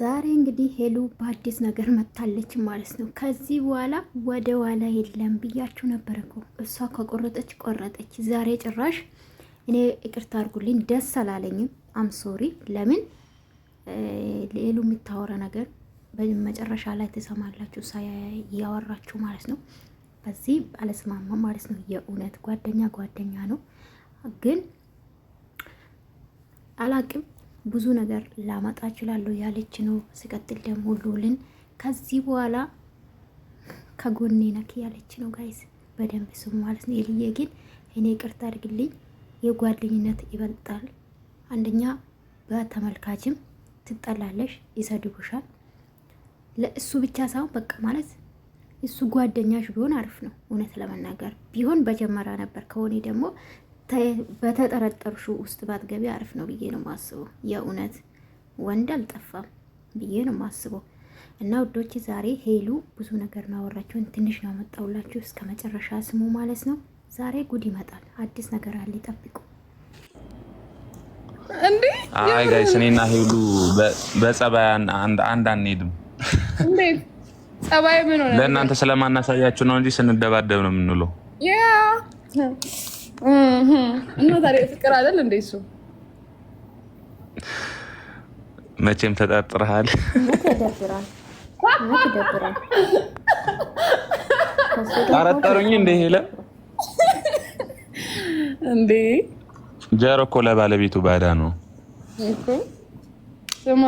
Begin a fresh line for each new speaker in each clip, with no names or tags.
ዛሬ እንግዲህ ሄሉ በአዲስ ነገር መታለች ማለት ነው። ከዚህ በኋላ ወደ ኋላ የለም ብያችሁ ነበር እኮ እሷ ከቆረጠች ቆረጠች። ዛሬ ጭራሽ እኔ ይቅርታ አድርጉልኝ ደስ አላለኝም። አምሶሪ ለምን ሄሉ የምታወራ ነገር መጨረሻ ላይ ትሰማላችሁ፣ እሷ እያወራችሁ ማለት ነው። በዚህ አለስማማ ማለት ነው። የእውነት ጓደኛ ጓደኛ ነው ግን አላቅም ብዙ ነገር ላመጣ እችላለሁ ያለች ነው። ሲቀጥል ደግሞ ሉልን ከዚህ በኋላ ከጎኔ ነክ ያለች ነው። ጋይስ በደንብ ስሙ ማለት ነው። የልዬ ግን እኔ ቅርታ አድርግልኝ፣ የጓደኝነት ይበልጣል። አንደኛ በተመልካችም ትጠላለሽ፣ ይሰድቡሻል። ለእሱ ብቻ ሳይሆን በቃ ማለት እሱ ጓደኛሽ ቢሆን አሪፍ ነው። እውነት ለመናገር ቢሆን በጀመራ ነበር። ከሆኔ ደግሞ በተጠረጠርሹ ውስጥ ባትገቢ አሪፍ ነው ብዬ ነው የማስበው። የእውነት ወንድ አልጠፋም ብዬ ነው የማስበው። እና ውዶች ዛሬ ሄሉ ብዙ ነገር ነው ትንሽ ነው ያመጣሁላችሁ። እስከ መጨረሻ ስሙ ማለት ነው። ዛሬ ጉድ ይመጣል፣ አዲስ ነገር አለ፣ ይጠብቁ።
አይ ጋይስ፣ እኔና ሄሉ በጸባይ አንድ አንሄድም። ጸባይ ምን ሆነ? ለእናንተ ስለማናሳያችሁ ነው እንጂ ስንደባደብ ነው የምንውለው።
እና ታዲያ ፍቅር አይደል እንደ እሱ
መቼም ተጠርጥረሃል። ጠረጠሩኝ እንደ ሄለ እንዴ ጀሮ እኮ ለባለቤቱ ባዳ ነው።
ስማ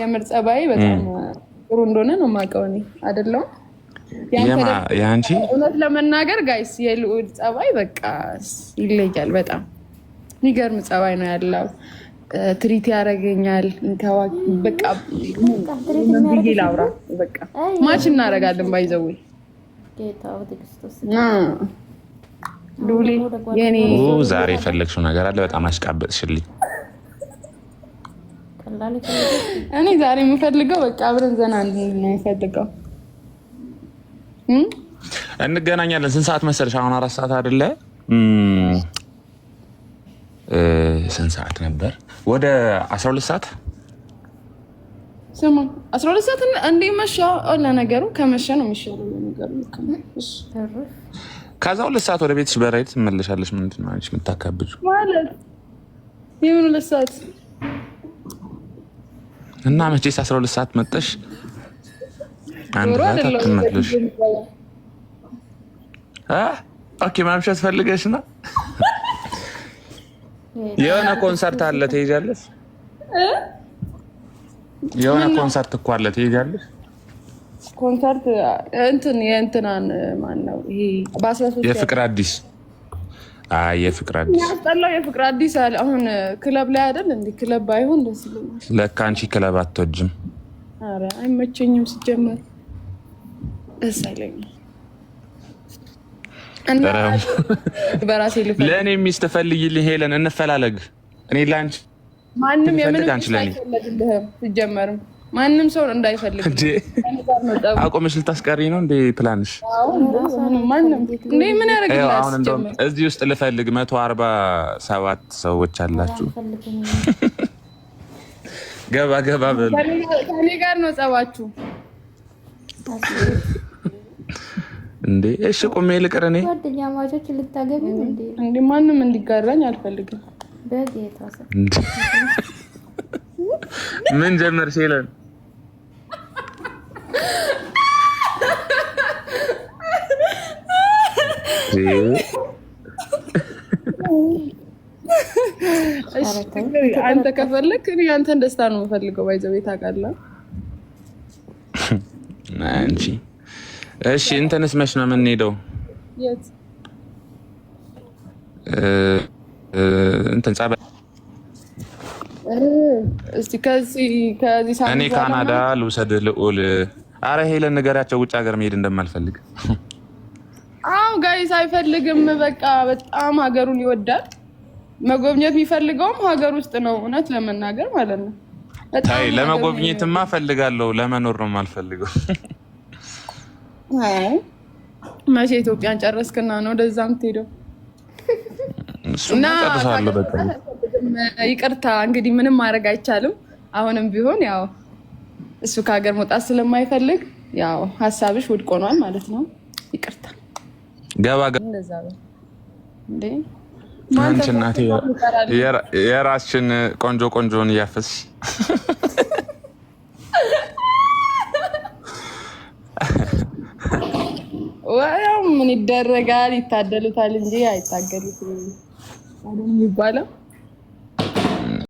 የምር ጸባይ በጣም ጥሩ እንደሆነ ነው የማውቀው እኔ አይደለሁም ያንቺ እውነት ለመናገር ጋይስ የልዑል ጸባይ በቃ ይለያል። በጣም የሚገርም ጸባይ ነው ያለው። ትሪት ያደርገኛል። በቃ ብዬ ላውራ በቃ ማች እናደርጋለን። ባይዘዌ
ዛሬ የፈለግሽው ነገር አለ። በጣም አሽቃበጥሽልኝ።
እኔ ዛሬ የምፈልገው በቃ አብረን ዘና ነው የፈልገው
እንገናኛለን። ስንት ሰዓት መሰለሽ? አሁን አራት ሰዓት አይደለ? ስንት ሰዓት ነበር? ወደ አስራ ሁለት ሰዓት
ስማ፣ አስራ ሁለት ሰዓት እንዴ መሻ። ለነገሩ ከመሸ ነው የሚሻለው። ለነገሩ
ከዛ ሁለት ሰዓት ወደ ቤትሽ በራይ ትመለሻለሽ። ምንድን ነው የምታካብጁ
ማለት የምን ሁለት ሰዓት
እና መቼስ አስራ ሁለት ሰዓት መጠሽ አንድ ሰዓት አትመለሽ። ኦኬ ማምሻት ፈልገሽ ነው? የሆነ ኮንሰርት አለ ትሄጃለሽ? የሆነ ኮንሰርት እኮ አለ ትሄጃለሽ?
ኮንሰርት እንትን የእንትናን ይሄ
የፍቅር አዲስ የፍቅር አዲስ
የፍቅር አዲስ አለ። አሁን ክለብ ላይ አይደል እንዲ ክለብ ባይሆን ደስ
ይለኛል። ለካ አንቺ ክለብ አትወጂም።
አይመቸኝም ሲጀመር ደስ አይለኝም።
በራሴ ልፈልግ። ለእኔ ሚስት ፈልጊልኝ ሄለን፣ እንፈላለግ። እኔ ላንች
ማንም የምንም አይፈልግልህም። ሲጀመርም ማንም ሰው እንዳይፈልግ
አቆመሽ ልታስቀሪ ነው እንዴ ፕላንሽ? ምን ያደረግልሁን? እዚህ ውስጥ ልፈልግ መቶ አርባ ሰባት ሰዎች አላችሁ። ገባ ገባ
በሉ። ከኔ ጋር ነው ጸባችሁ
እንዴ እሺ፣ ቆሜ ልቅር። እኔ
ጓደኛ ማቾች ልታገቢ እንዴ?
ማንም እንዲጋራኝ አልፈልግም።
ምን ጀመር ሲለን
አንተ ከፈለክ እኔ አንተን ደስታ ነው የምፈልገው። ባይዘቤት ታውቃለህ
አንቺ እሺ እንትንስ መች ነው የምንሄደው? እንትን ጸበል እኔ ካናዳ ልውሰድ ልዑል። አረ ሄለን ንገሪያቸው ውጭ ሀገር መሄድ እንደማልፈልግ።
አዎ ጋይስ አይፈልግም። በቃ በጣም ሀገሩን ይወዳል። መጎብኘት የሚፈልገውም ሀገር ውስጥ ነው፣ እውነት ለመናገር ማለት ነው።
ለመጎብኘትማ እፈልጋለሁ፣ ለመኖር ነው የማልፈልገው።
መቼ ኢትዮጵያን ጨረስክና ነው ወደዛ የምትሄደው? እና ይቅርታ እንግዲህ ምንም ማድረግ አይቻልም። አሁንም ቢሆን ያው እሱ ከሀገር መውጣት ስለማይፈልግ ያው ሀሳብሽ ውድቅ ሆኗል ማለት ነው። ይቅርታ
ገባ ገባ እናቴ የራስሽን ቆንጆ ቆንጆን እያፈስሽ
ምን ይደረጋል? ይታደሉታል እንጂ አይታገሉትም ሚባለው የሚባለው